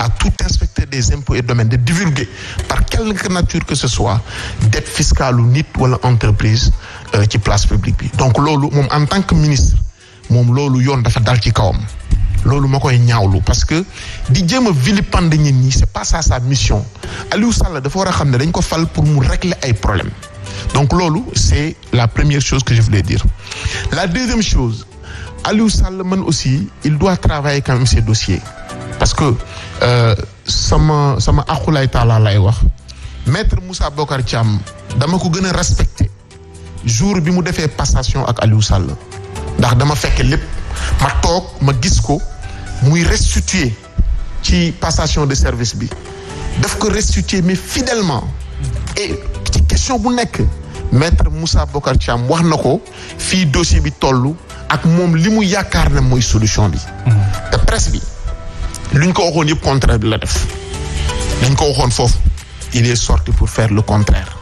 à tout inspecteur des impôts et domaines de divulguer par quelque nature que ce soit dette fiscale nit wala entreprise euh, ci place publique bi donc loolu moom en tant que ministre moom loolu yoon dafa dal ci kawam loolu ma koy ñaawlu parce que di jéem a vilipender nit ñi c'est pas ça sa mission Aliou Sall dafa war a xam ne dañ ko fal pour mu régler ay problèmes donc loolu c'est la première chose que je voulais dire la deuxième chose Aliou Sall man aussi il doit travailler quand même parce que euh, sama sama aqulay taala lay wax maître Moussa Bokar Thiam dama ko gën a respecté jour bi mu defee passation ak Aliou Sall ndax dama fekke lépp ma toog ma gis ko muy restituer ci passation de service bi daf ko restituer mais fidelement et ci question bu nekk maître Moussa Bokar Thiam wax na ko fii dossier bi tollu ak moom li mu yaakaar ne mooy solution bi mm. te presse bi luñ ko waxoon yëpp contraire bi la def liñ ko waxoon foofu il est sorti pour faire le contraire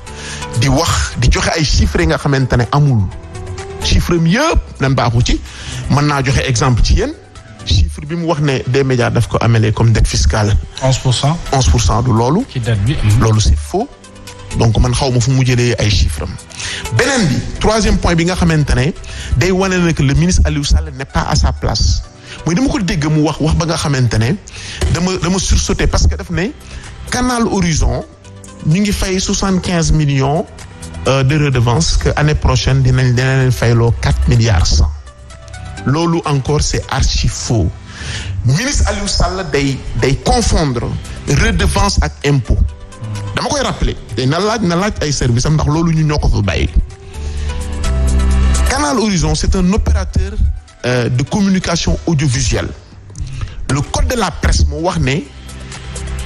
di wax di joxe ay chiffres yi nga xamante ne amul chiffre mi yëpp nan baaxu ci mën naa joxe exemple ci yéen chiffre bi mu wax ne des médias daf ko amelee comme dette fiscale. 11 pour cent pour cent du loolu. ci dette mhm. loolu c'est faux. donc man xaw ma fu mu jëlee ay chiffres am beneen bi troisième point bi nga xamante ne day wane ne que le ministre Aliou Sall n'est pas à sa place. mooy dama ko dégg mu wax wax ba nga xamante ne dama dama sursauté parce que daf ne canal horizon ñu ngi fay soixante quinze millions euh, de redevance que année prochaine dinañ dina leen fayloo quatre milliards cent loolu encore c'est archi faux ministre Aliou Sall day day confondre redevance ak impôt dama koy rappeler te na laaj na laaj ay service am ndax loolu ñu ñoo ko fa bàyyi Canal Horizon c'est un opérateur Euh, de communication audiovisuelle le code de la presse moo wax ne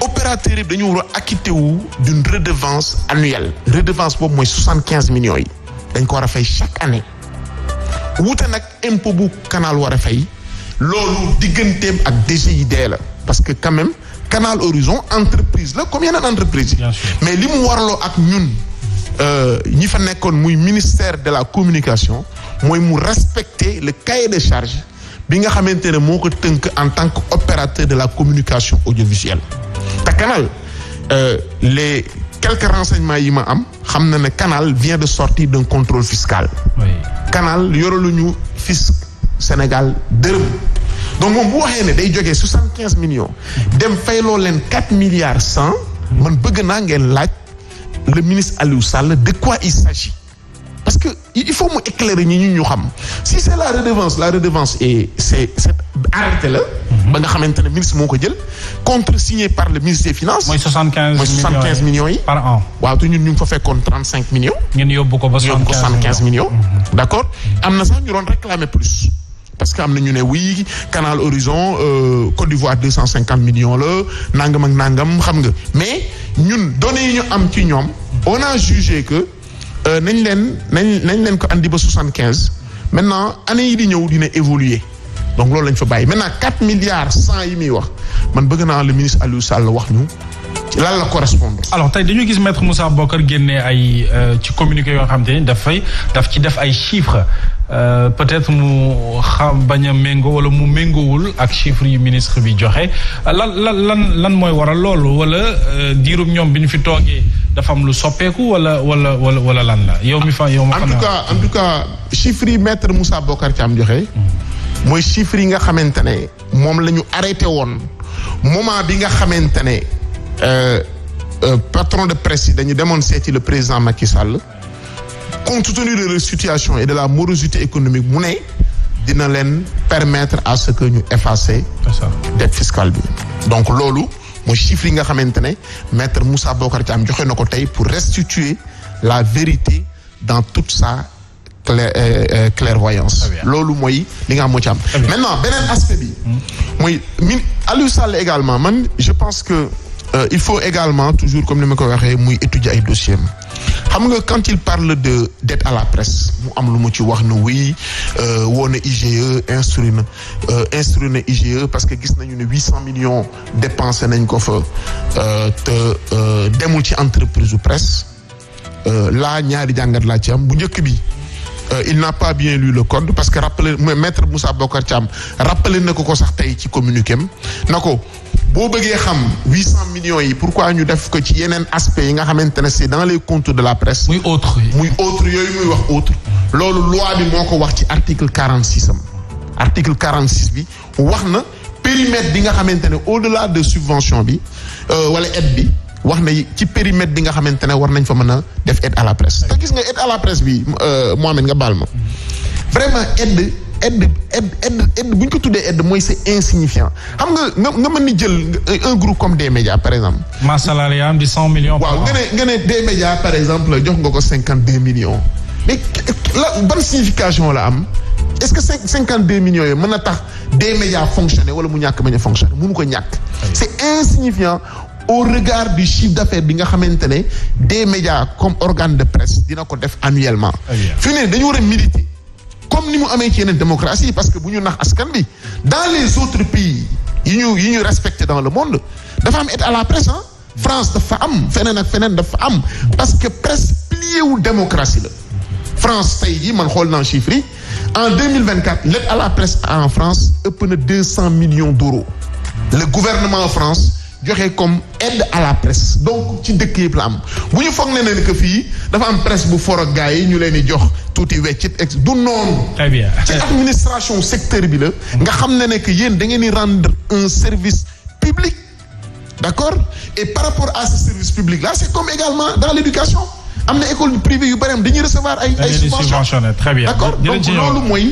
opérateur yi dañu war a acquitté wu d'une redevance annuelle redevance boobu mooy soixante quinze millions yi dañ ko war a fay chaque année wuute nag impôt bu canal war a fay loolu digganteem ak DGID la parce que quand même canal horizon entreprise la comme yeneen entreprise yi mais li mu warloo ak ñun euh, ñi fa nekkoon muy ministère de la communication mooy mu respecter le cahier des charge bi nga xamante ne moo ko tënk en tant que opérateur de la communication audiovisuelle te canal euh, les quelques renseignements yi ma am xam na ne canal vient de sortir d'un contrôle fiscal canal yoraluñu fis Sénégal dërëm donc moom bu waxee ne day jógee soixante quinze millions dem fayloo leen quatre milliards cent man bëgg naa ngeen laaj le ministre Aliou Sall de quoi il s'agit parce que il faut mu éclairer ñi ñu xam si c' la redevance la redevance et c' est la. ba nga xamante ne ministre moo ko jël. contre signé par le ministre des finances. mooy soixante quinze millions yi mooy soixante quinze millions yi. par an waaw te ñun ñu ngi fa fekkoon trente cinq millions. Mhm. am na sax réclamer plus. parce que am na ñu ne oui Canal Horizon euh, Côte d'Ivoire million cent cinquante millions la nangam ak nangam xam nga mais ñun données yi ñu am ci ñoom on a jugé que. Euh, nañ leen nañ nañ leen ko indi ba soixante quinze maintenant année yi di ñëw dina évoluer donc loolu lañ fa bàyyi maintenant quatre milliards cent yi muy wax man bëgg naa le ministre Aliou Sall wax ñu ci lan la correspondre alors tey dañu gis maître Moussa Bokar génnee ay euh, ci communique yoo xam te ni fay daf ci def ay chiffres euh, peut-être mu xam bañ a méngoo wala mu méngoowul ak chiffres yi ministre bi joxe lan lan lan lan mooy waral loolu wala diirum ñoom bi ñu fi toogee. dafa am lu soppeeku wala wala wala wala lan la yow mi fa yow ma. en tout cas en tout cas chiffres yi maître Moussa Bokar joxe. mooy chiffres yi nga xamante ne moom la ñu arrêté woon moment bi nga xamante ne euh, euh, patron de presse yi dañu demoon seeti le président Macky Sall. compte de la situation et de la morosité économique mu ne dina leen permettre à ce que ñu effacer. dette fiscale bi donc loolu. mooy chiffre yi nga xamante ne maître Moussa Bocar Thiam joxe na ko tey pour restituer la vérité dans toute sa euh, euh, clairvoyance loolu mooy li nga xam moo ci am maintenant beneen aspect bi mooy min Aliou Sall également man je pense que euh, il faut également toujours comme ni ma ko waxee muy étudier ay dossier am xam nga quand il parle de dette à la presse mu am lu mu ci wax na wuy euh, woo na IGE instruit na euh, instruit na IGE parce que gis nañu ne huit cent millions dépensé nañ ko fa euh, te demul ci entreprise presse laa ñaari jàngat laa ci am bu njëkk bi il n'a pas bien lu le code parce que rappelé maître Moussa ci am rappelé na ko ko sax tey ci communiqué am na ko boo bëggee xam huit cent millions yi pourquoi ñu def ko ci yeneen aspects yi nga xamante ne c'est dans les comptes de la presse. muy autre muy autre yooyu muy wax autre. loolu loi bi moo ko wax ci article quarante six am article quarante six bi wax na périmètre bi nga xamante ne au delà de subvention bi euh, wala aide bi wax na ci périmètre bi nga xamante ne war nañ fa mën a def aide à la presse. te gis nga aide à la presse bi euh, Mohamed nga baal ma vraiment aide. aide aide aide bu ñu ko tuddee aide mooy c'est insignifiant xam nga nga nga mën ni jël un groupe comme des média par exemple. masse salariale am di cent millions. par an waaw nga ne nga ne des médias par exemple jox la signification la am est-ce que cinquante deux millions yooyu mën na tax des médias fonctionner wala mu ñàkk bañ a fonctionner mënu ko ñàkk. c'est insignifiant. au regard du chiffre d'affaires bi nga xamante ne des médias comme organe de presse dina ko def annuellement. fi ne dañu war a comme ni mu amee ci yeneen démocratie parce que bu ñu nax askan bi dans les autres pays yi ñu yi ñu respecté dans le monde dafa am aide à la presse ah France dafa am feneen ak feneen dafa am parce que presse pilier wu démocratie la France tey jii man xool naa chiffres yi en 2024 l'aide à la presse en France ëpp na 200 millions d'euros le gouvernement en France joxe comme aide à la presse donc ci dëkk yëpp la am bu ñu foog ne ne que fii dafa am presse bu for ak gars yi ñu leen di jox tuuti weccit ex du noonu. très bien ci administration secteur bi la. nga xam ne ne que yéen da ngeen di rendre un service public. d'accord et par rapport à ce service public là c'est comme également dans l'éducation am na école privée yu bëri dañuy recevoir ay ay subventionné très bien d'accord donc loolu mooy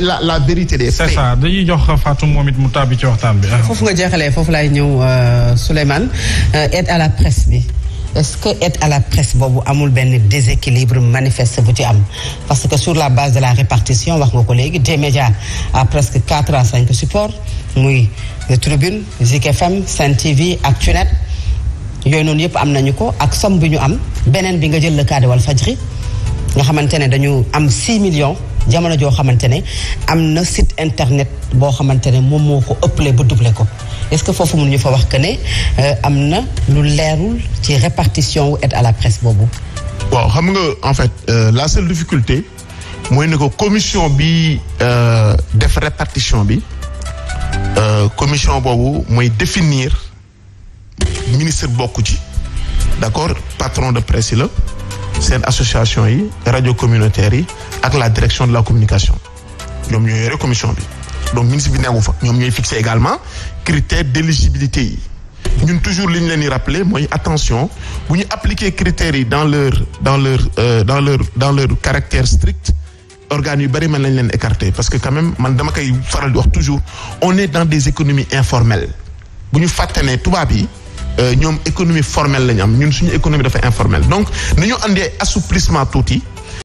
la la vérité des faits c'est ça dañuy jox Fatou moom it mu tàbbi ci waxtaan bi foofu nga jeexalee foofu laay ñëw euh, Souleymane euh, aide à la presse bi est-ce que aide à la presse boobu amul benn déséquilibre manifeste bu ci am parce que sur la base de la répartition wax nga ko léegi des médias à presque quatre à cinq supports muy Tribune Zik FM Sen TV ak Actunet yooyu noonu yëpp am nañu ko ak somme bi ñu am beneen bi nga jël le cas de ri nga xamante ne dañu am 6 million jamono joo xamante ne am na site internet boo xamante ne moom moo ko ëppale ba doublé ko est-ce que foofu mun ñu fa wax que ne euh, am na lu leerul ci répartition wu aide la presse boobu. waaw xam nga en fait euh, la seule difficulté mooy ne ko commission bi euh, def répartition bi euh, commission boobu mooy définir ministre bokku ci. d'accord patron de presse yi la seen association yi radio communautaire yi ak la direction de la communication ñoom ñooy yore bi donc ministre bi newu fa ñoom ñooy fixer également critère d'éligibilité yi ñun toujours li ñu leen di rappeler mooy attention bu ñu appliquer critères yi dans leur dans leur euh, dans dans leur caractère strict organes yu bëri mën nañ leen écarter parce que quand même man dama koy faral di wax toujours on est dans des économies informelles bu ñu fàtte tubaab yi Euh, ñoom économie formelle la am ñun suñu économie dafa informelle donc ni ñu andee assouplissement tuuti.